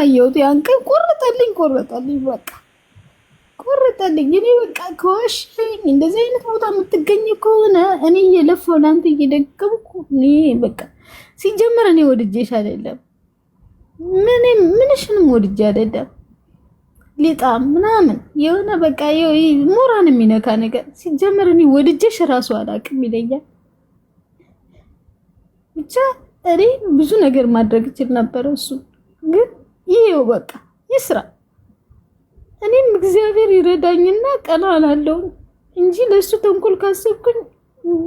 አየሁት። ያን ቀን ቆረጠልኝ ቆረጠልኝ፣ በቃ ቆረጠልኝ። እኔ በቃ ከዋሸኝ፣ እንደዚህ አይነት ቦታ የምትገኝ ከሆነ እኔ እየለፋሁ ለአንተ እየደገምኩ እኔ በቃ ሲጀመር እኔ ወድጄሽ አይደለም ምንም ምንሽንም ወድጄ አይደለም። ሊጣም ምናምን የሆነ በቃ ሞራን የሚነካ ነገር ሲጀምር እኔ ወድጄሽ እራሱ አላውቅም ይለኛል። ብቻ እኔ ብዙ ነገር ማድረግ ይችል ነበረ እሱ ግን ይሄው በቃ ይስራ። እኔም እግዚአብሔር ይረዳኝና ቀና አላለው እንጂ ለእሱ ተንኮል ካሰብኩኝ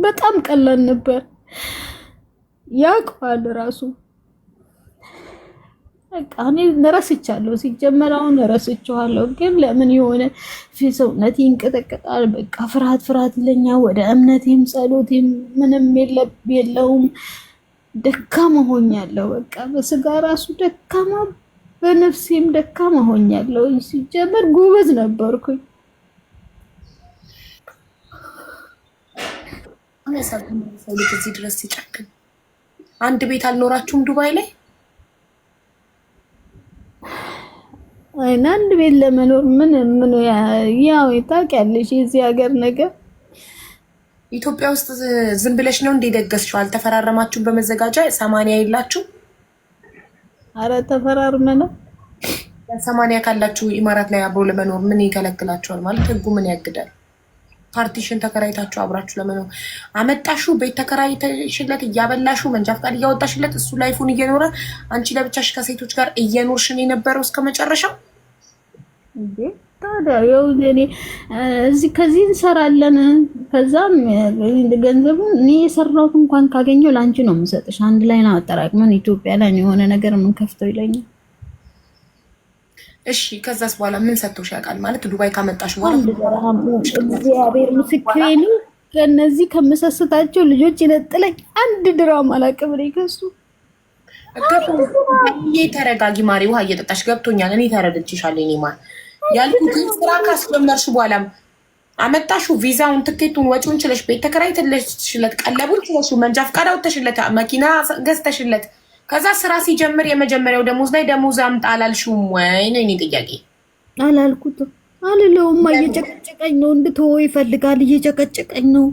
በጣም ቀላል ነበር። ያውቀዋል ራሱ በቃ እኔ ረስቻለሁ። ሲጀመር አሁን ረስችኋለሁ፣ ግን ለምን የሆነ ሰውነት ይንቀጠቀጣል። በቃ ፍርሃት ፍርሃት ይለኛ። ወደ እምነቴም ጸሎቴም ምንም የለውም። ደካማ ሆኛለሁ። በቃ በስጋ ራሱ ደካማ፣ በነፍሴም ደካማ ሆኛለሁ። ሲጀመር ጎበዝ ነበርኩኝ። እዚህ ድረስ ሲጨክን አንድ ቤት አልኖራችሁም ዱባይ ላይ? አይ አንድ ቤት ለመኖር ምን ምን ያው ታውቂያለሽ የዚህ ሀገር ነገር ኢትዮጵያ ውስጥ ዝም ብለሽ ነው እንዴ ደገስሽው? አልተፈራረማችሁም? በመዘጋጃ ሰማንያ የላችሁ? አረ ነው። ሰማንያ ካላችሁ ኢማራት ላይ አብሮ ለመኖር ምን ይከለክላችኋል? ማለት ህጉ ምን ያግዳል? ፓርቲሽን ተከራይታችሁ አብራችሁ ለመኖር አመጣሹ፣ ቤት ተከራይተሽለት እያበላሹ፣ መንጃ ፈቃድ እያወጣሽለት፣ እሱ ላይፉን እየኖረ አንቺ ለብቻሽ ከሴቶች ጋር እየኖርሽን የነበረው እስከ መጨረሻው ታዲያ ያው እኔ እዚህ ከዚህ እንሰራለን። ከዛም ገንዘቡን እኔ የሰራሁት እንኳን ካገኘው ለአንቺ ነው የምሰጥሽ። አንድ ላይ ነው አጠራቅመን ኢትዮጵያ ላይ የሆነ ነገር የምንከፍተው ይለኛል። እሺ ከዛስ በኋላ ምን ሰጥቶሽ ያውቃል? ማለት ዱባይ ካመጣሽ በኋላ እግዚአብሔር ምስክሬ ነው። ከእነዚህ ከመሰሰታቸው ልጆች ይነጥለኝ አንድ ድራም አላውቅም እኔ ከሱ ተረጋጊ ማሪ ውሃ እየጠጣሽ ገብቶኛል። እኔ ተረድቼሻለሁ። ኔ ያልኩትን ስራ ካስጀመርሽ በኋላም አመጣሹ ቪዛውን፣ ትኬቱን፣ ወጪውን ችለሽ ቤት ተከራይተሽለት፣ ቀለቡን ችለሽ መንጃ ፈቃድ አውጥተሽለት፣ መኪና ገዝተሽለት ከዛ ስራ ሲጀምር የመጀመሪያው ደሞዝ ላይ ደሞዝ አምጣ አላልሽውም ወይ ነው የኔ ጥያቄ። አላልኩትም አልለውማ። እየጨቀጨቀኝ ነው እንድትወው ይፈልጋል። እየጨቀጨቀኝ ነው።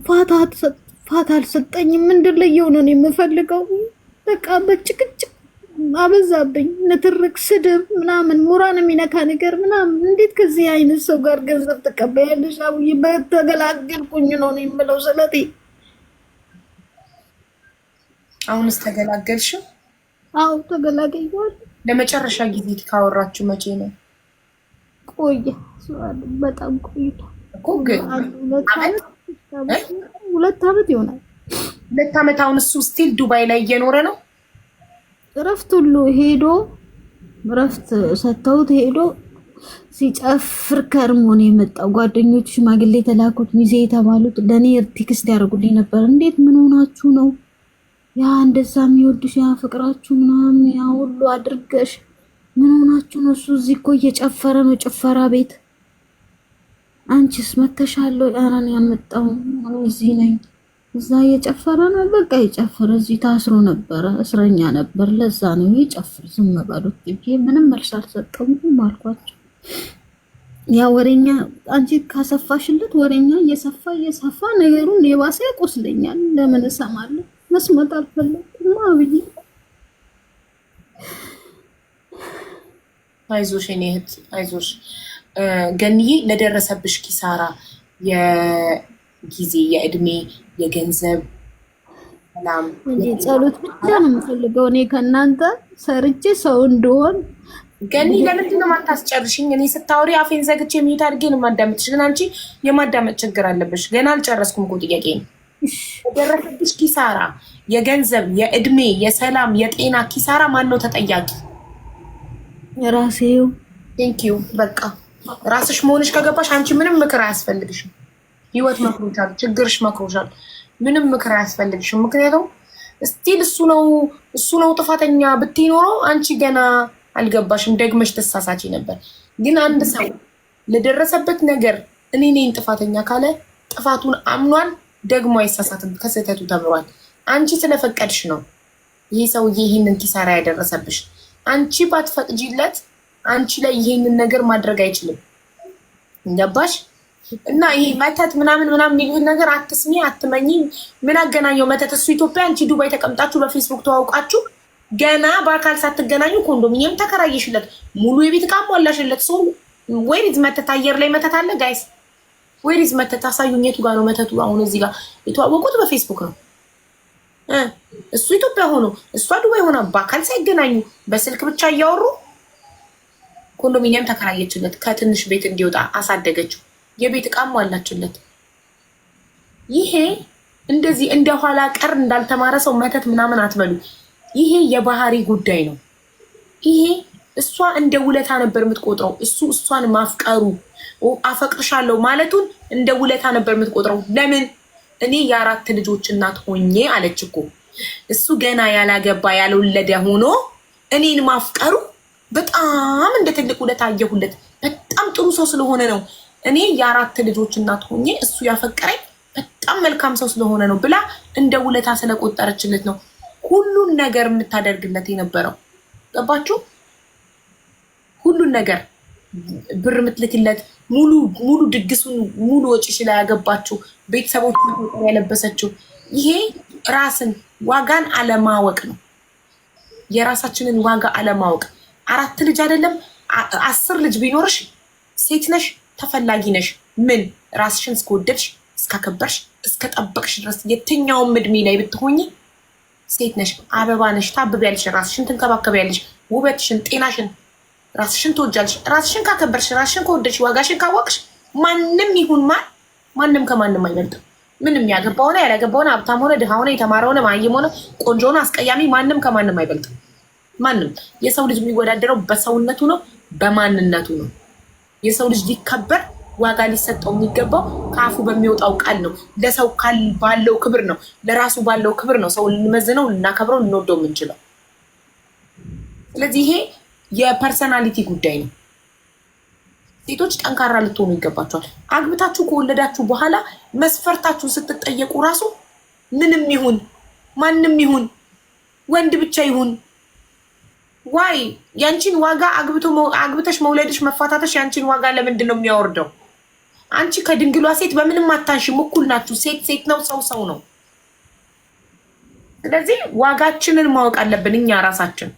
ፋታ አልሰጠኝም። ምንድን ላይ የሆነ ነው የምፈልገው በቃ በጭቅጭቅ አበዛብኝ። ንትርክ፣ ስድብ ምናምን ሙራን የሚነካ ነገር ምናምን። እንዴት ከዚህ አይነት ሰው ጋር ገንዘብ ትቀበያለሽ? አብይ በተገላገልኩኝ ነው ነው የምለው። ስለቴ አሁንስ ተገላገልሽው? አዎ ተገላገይዋል። ለመጨረሻ ጊዜ ካወራችሁ መቼ ነው? ቆየ በጣም ቆይቷ ሁለት ዓመት ይሆናል። ሁለት ዓመት። አሁን እሱ ስቲል ዱባይ ላይ እየኖረ ነው እረፍት ሁሉ ሄዶ እረፍት ሰጥተውት ሄዶ ሲጨፍር ከርሞ ነው የመጣው። ጓደኞቹ ሽማግሌ የተላኩት ሚዜ የተባሉት ለእኔ ቴክስት ያደርጉልኝ ነበር። እንዴት ምን ሆናችሁ ነው ያ እንደዛ የሚወዱሽ ያ ፍቅራችሁ ምናምን ያ ሁሉ አድርገሽ ምን ሆናችሁ ነው? እሱ እዚህ እኮ እየጨፈረ ነው ጭፈራ ቤት። አንቺስ መተሻለሁ? ኧረ ያመጣው እዚህ ነኝ። እዛ እየጨፈረ ነው። በቃ ይጨፍር። እዚህ ታስሮ ነበረ፣ እስረኛ ነበር። ለዛ ነው ይጨፍር። ዝም በሉት ብዬ ምንም መልስ አልሰጠሁም አልኳቸው። ያ ወሬኛ አንቺ ካሰፋሽለት ወሬኛ እየሰፋ እየሰፋ ነገሩን የባሰ ያቆስለኛል። ለምን እሰማለሁ? መስማት አልፈለግኩም ብዬ አይዞሽ የኔ እህት አይዞሽ። ገንዬ ለደረሰብሽ ኪሳራ ጊዜ፣ የእድሜ፣ የገንዘብ ሰላም ጸሎት ብቻ ነው የምፈልገው። እኔ ከእናንተ ሰርቼ ሰው እንደሆን ገኒ ለምንድን ነው የማታስጨርሽኝ? እኔ ስታወሪ አፌን ዘግቼ የሚሄድ አድርጌ ነው የማዳመጥሽ፣ ግን አንቺ የማዳመጥ ችግር አለብሽ። ገና አልጨረስኩም እኮ ጥያቄ የደረሰብሽ ኪሳራ፣ የገንዘብ፣ የእድሜ፣ የሰላም፣ የጤና ኪሳራ ማን ነው ተጠያቂ? ራሴው። ቴንኪዩ በቃ ራስሽ መሆንሽ ከገባሽ አንቺ ምንም ምክር አያስፈልግሽም። ህይወት መክሮሻል፣ ችግርሽ መክሮሻል። ምንም ምክር አያስፈልግሽም። ምክንያቱም ስቲል እሱ ነው እሱ ነው ጥፋተኛ ብትኖረው አንቺ ገና አልገባሽም፣ ደግመሽ ተሳሳች ነበር። ግን አንድ ሰው ለደረሰበት ነገር እኔ ነኝ ጥፋተኛ ካለ ጥፋቱን አምኗል፣ ደግሞ አይሳሳትም። ከስህተቱ ተምሯል። አንቺ ስለፈቀድሽ ነው ይህ ሰውዬ ይህንን ኪሳራ ያደረሰብሽ። አንቺ ባትፈቅጂለት አንቺ ላይ ይህንን ነገር ማድረግ አይችልም። ገባሽ? እና ይህ መተት ምናምን ምናምን የሚሉት ነገር አትስሚ፣ አትመኝ። ምን አገናኘው መተት? እሱ ኢትዮጵያ፣ አንቺ ዱባይ ተቀምጣችሁ በፌስቡክ ተዋውቃችሁ ገና በአካል ሳትገናኙ ኮንዶሚኒየም ተከራየሽለት፣ ሙሉ የቤት ዕቃ ሟላሽለት። ሰው ወይሪዝ መተት? አየር ላይ መተት አለ ጋይስ? ወይሪዝ መተት? አሳዩኘቱ ጋር ነው መተቱ? አሁን እዚህ ጋር የተዋወቁት በፌስቡክ ነው። እሱ ኢትዮጵያ ሆኖ እሷ ዱባይ ሆና በአካል ሳይገናኙ በስልክ ብቻ እያወሩ ኮንዶሚኒየም ተከራየችለት፣ ከትንሽ ቤት እንዲወጣ አሳደገችው። የቤት እቃም አላችሁለት። ይሄ እንደዚህ እንደ ኋላ ቀር እንዳልተማረ ሰው መተት ምናምን አትበሉ። ይሄ የባህሪ ጉዳይ ነው። ይሄ እሷ እንደ ውለታ ነበር የምትቆጥረው። እሱ እሷን ማፍቀሩ አፈቅርሻለሁ ማለቱን እንደ ውለታ ነበር የምትቆጥረው። ለምን እኔ የአራት ልጆች እናት ሆኜ አለች እኮ። እሱ ገና ያላገባ ያልወለደ ሆኖ እኔን ማፍቀሩ በጣም እንደ ትልቅ ውለታ አየሁለት። በጣም ጥሩ ሰው ስለሆነ ነው እኔ የአራት ልጆች እናት ሆኜ እሱ ያፈቀረኝ በጣም መልካም ሰው ስለሆነ ነው ብላ እንደ ውለታ ስለቆጠረችለት ነው ሁሉን ነገር የምታደርግለት የነበረው። ገባችሁ? ሁሉን ነገር ብር የምትልክለት ሙሉ ሙሉ ድግሱን ሙሉ ወጪ ላይ ያገባችሁ ቤተሰቦች ያለበሰችው ይሄ ራስን ዋጋን አለማወቅ ነው። የራሳችንን ዋጋ አለማወቅ። አራት ልጅ አይደለም አስር ልጅ ቢኖርሽ ሴት ነሽ ተፈላጊ ነሽ። ምን ራስሽን እስከወደድሽ እስከከበርሽ፣ እስከጠበቅሽ ድረስ የትኛውም እድሜ ላይ ብትሆኝ ሴት ነሽ፣ አበባ ነሽ፣ ታብቢያለሽ፣ ራስሽን ትንከባከቢያለሽ፣ ውበትሽን፣ ጤናሽን፣ ራስሽን ትወጃለሽ። ራስሽን ካከበርሽ፣ ራስሽን ከወደድሽ፣ ዋጋሽን ካወቅሽ ማንም ይሁን ማን ማንም ከማንም አይበልጥም። ምንም ያገባ ሆነ ያላገባ ሆነ ሀብታም ሆነ ድሃ ሆነ የተማረ ሆነ ማየም ሆነ ቆንጆ ሆነ አስቀያሚ ማንም ከማንም አይበልጥም። ማንም የሰው ልጅ የሚወዳደረው በሰውነቱ ነው፣ በማንነቱ ነው። የሰው ልጅ ሊከበር ዋጋ ሊሰጠው የሚገባው ከአፉ በሚወጣው ቃል ነው። ለሰው ቃል ባለው ክብር ነው። ለራሱ ባለው ክብር ነው ሰው ልንመዝነው፣ ልናከብረው፣ ልንወደው የምንችለው። ስለዚህ ይሄ የፐርሰናሊቲ ጉዳይ ነው። ሴቶች ጠንካራ ልትሆኑ ይገባቸዋል። አግብታችሁ ከወለዳችሁ በኋላ መስፈርታችሁ ስትጠየቁ ራሱ ምንም ይሁን ማንም ይሁን ወንድ ብቻ ይሁን ዋይ ያንቺን ዋጋ አግብተሽ መውለድሽ መፋታተሽ ያንቺን ዋጋ ለምንድን ነው የሚያወርደው? አንቺ ከድንግሏ ሴት በምንም አታንሽም። እኩል ናችሁ። ሴት ሴት ነው፣ ሰው ሰው ነው። ስለዚህ ዋጋችንን ማወቅ አለብን እኛ ራሳችን።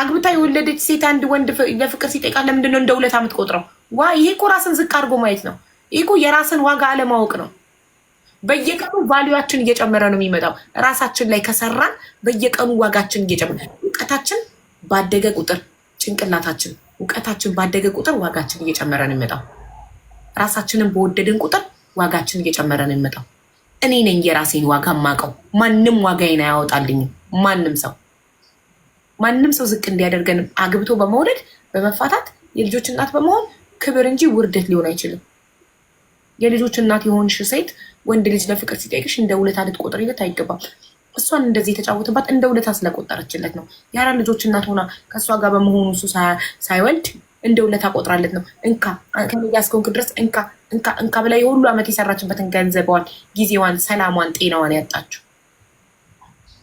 አግብታ የወለደች ሴት አንድ ወንድ ለፍቅር ሲጠይቃ ለምንድን ነው እንደ ውለታ ቆጥረው? ዋ ይሄ እኮ ራስን ዝቅ አድርጎ ማየት ነው። ይሄ እኮ የራስን ዋጋ አለማወቅ ነው። በየቀኑ ቫሊዋችን እየጨመረ ነው የሚመጣው። ራሳችን ላይ ከሰራን በየቀኑ ዋጋችን እየጨመረ እውቀታችን ባደገ ቁጥር ጭንቅላታችን እውቀታችን ባደገ ቁጥር ዋጋችን እየጨመረ ነው የሚመጣው። ራሳችንን በወደድን ቁጥር ዋጋችን እየጨመረ ነው የሚመጣው። እኔ ነኝ የራሴን ዋጋ ማቀው። ማንም ዋጋዬን አያወጣልኝም። ማንም ሰው ማንም ሰው ዝቅ እንዲያደርገንም አግብቶ በመውደድ በመፋታት የልጆች እናት በመሆን ክብር እንጂ ውርደት ሊሆን አይችልም። የልጆች እናት የሆንሽ ሴት ወንድ ልጅ ለፍቅር ሲጠይቅሽ እንደ ውለታ ልትቆጥሪለት አይገባም። እሷን እንደዚህ የተጫወተባት እንደ ውለታ ስለቆጠረችለት ነው። የአራት ልጆች እናት ሆና ከእሷ ጋር በመሆኑ እሱ ሳይወልድ እንደ ውለታ ቆጥራለት ነው። እንካ ከነጋ እስከሆንክ ድረስ እንካ እንካ እንካ ብላ የሁሉ ዓመት የሰራችበትን ገንዘቧን፣ ጊዜዋን፣ ሰላሟን፣ ጤናዋን ያጣችው።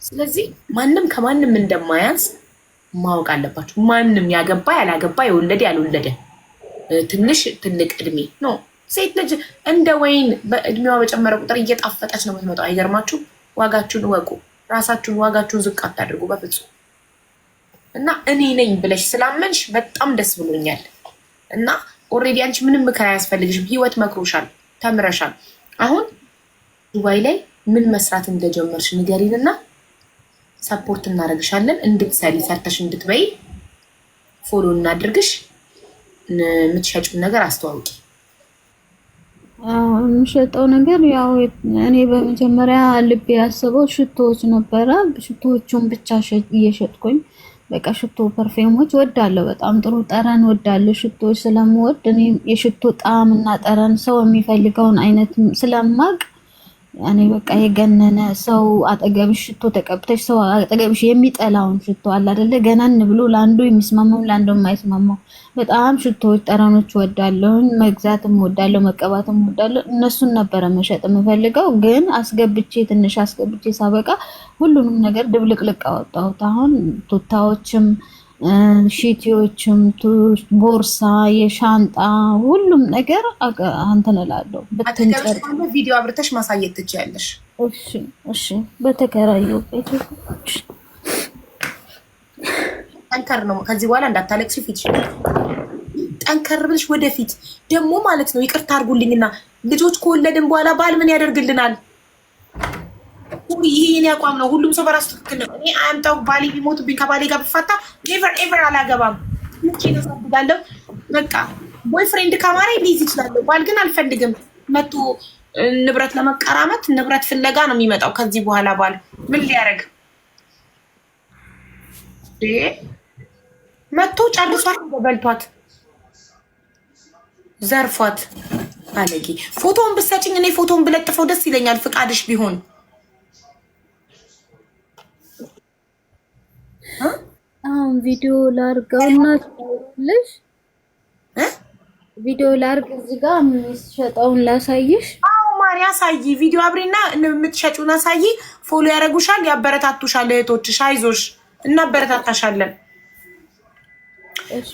ስለዚህ ማንም ከማንም እንደማያንስ ማወቅ አለባችሁ። ማንም ያገባ ያላገባ፣ የወለደ ያልወለደ፣ ትንሽ ትልቅ እድሜ ነው። ሴት ልጅ እንደ ወይን በእድሜዋ በጨመረ ቁጥር እየጣፈጠች ነው የምትመጣው። አይገርማችሁ? ዋጋችሁን ወቁ ራሳችሁን ዋጋችሁን ዝቅ አታድርጉ በፍጹም። እና እኔ ነኝ ብለሽ ስላመንሽ በጣም ደስ ብሎኛል። እና ኦልሬዲ አንቺ ምንም ምክር አያስፈልግሽም። ህይወት መክሮሻል፣ ተምረሻል። አሁን ዱባይ ላይ ምን መስራት እንደጀመርሽ ንገሪንና ሰፖርት እናደርግሻለን። እንድትሰሪ ሰርተሽ እንድትበይ ፎሎ እናድርግሽ። የምትሸጪውን ነገር አስተዋውቂ። የምሸጠው ነገር ያው እኔ በመጀመሪያ ልቤ ያስበው ሽቶዎች ነበረ። ሽቶዎቹን ብቻ እየሸጥኩኝ በቃ ሽቶ ፐርፌሞች ወዳለሁ። በጣም ጥሩ ጠረን ወዳለሁ። ሽቶዎች ስለምወድ እኔ የሽቶ ጣዕም እና ጠረን ሰው የሚፈልገውን አይነት ስለማቅ እኔ በቃ የገነነ ሰው አጠገብሽ ሽቶ ተቀብተሽ ሰው አጠገብሽ የሚጠላውን ሽቶ አለ አይደለ? ገናን ብሎ ለአንዱ የሚስማማው ለአንዱ የማይስማማው በጣም ሽቶዎች፣ ጠረኖች ወዳለሁ መግዛትም ወዳለሁ፣ መቀባትም ወዳለሁ። እነሱን ነበረ መሸጥ የምፈልገው ግን አስገብቼ ትንሽ አስገብቼ ሳበቃ ሁሉንም ነገር ድብልቅልቅ አወጣሁት። አሁን ቱታዎችም ሺቲዎችም ቦርሳ፣ የሻንጣ ሁሉም ነገር አንተን እላለሁ። ቪዲዮ አብርተሽ ማሳየት ትችያለሽ። እሺ፣ እሺ። በተከራየሁበት ጠንከር ነው። ከዚህ በኋላ እንዳታለቅሽ ፊት ጠንከር ብለሽ ወደፊት ደግሞ ማለት ነው። ይቅርታ አድርጉልኝና ልጆች ከወለድን በኋላ ባል ምን ያደርግልናል? ይሄ የኔ አቋም ነው። ሁሉም ሰው በራሱ ትክክል ነው። እኔ አያምጣው ባሌ ቢሞትብኝ ከባሌ ጋር ብፋታ ኔቨር ኤቨር አላገባም። ምቼ ተሳብጋለሁ። በቃ ቦይ ፍሬንድ ካማራ ሊይዝ ይችላለሁ። ባል ግን አልፈልግም። መቶ ንብረት ለመቀራመት ንብረት ፍለጋ ነው የሚመጣው። ከዚህ በኋላ ባል ምን ሊያደርግ መቶ ጨርሷት፣ በልቷት፣ ዘርፏት አለጌ ፎቶውን ብሰጭኝ እኔ ፎቶውን ብለጥፈው ደስ ይለኛል፣ ፍቃድሽ ቢሆን አሁን ቪዲዮ ላርጋውና ልሽ ቪዲዮ ላርግ እዚህ ጋር የሚሸጠውን ላሳይሽ። አዎ ማሪ አሳይ። ቪዲዮ አብሪና የምትሸጪውን አሳይ። ፎሎ ያደርጉሻል፣ ያበረታቱሻል። እህቶችሽ አይዞሽ፣ እናበረታታሻለን።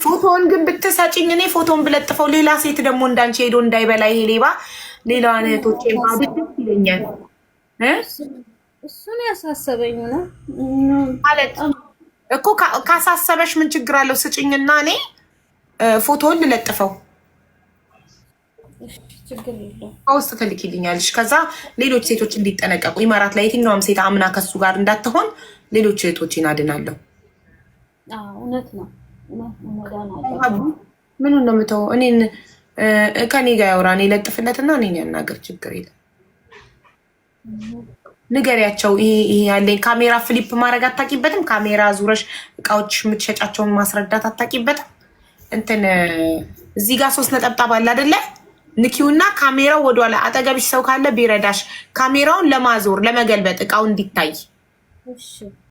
ፎቶን ግን ብትሰጪኝ እኔ ፎቶን ብለጥፈው ሌላ ሴት ደግሞ እንዳንቺ ሄዶ እንዳይበላ ይሄ ሌባ ሌላዋን እህቶቼ ማድረግ ይለኛል። እሱን ያሳሰበኝ ነው ማለት እኮ ካሳሰበሽ ምን ችግር አለው? ስጭኝና እኔ ፎቶውን ልለጥፈው ከውስጥ ትልኪልኛለሽ። ከዛ ሌሎች ሴቶች እንዲጠነቀቁ ኢማራት ላይ የትኛውም ሴት አምና ከሱ ጋር እንዳትሆን ሌሎች ሴቶች ይናድናለሁ። ምን ነው የምተው? እኔን ከኔ ጋር ያውራ። እኔ ለጥፍለትና እኔን ያናገር ችግር የለም። ንገሪያቸው። ይሄ ያለኝ ካሜራ ፍሊፕ ማድረግ አታቂበትም። ካሜራ ዙረሽ እቃዎች የምትሸጫቸውን ማስረዳት አታቂበትም። እንትን እዚህ ጋር ሶስት ነጠብጣብ አለ አደለ? ንኪውና ካሜራው ወደኋላ አጠገብሽ ሰው ካለ ቢረዳሽ፣ ካሜራውን ለማዞር ለመገልበጥ እቃው እንዲታይ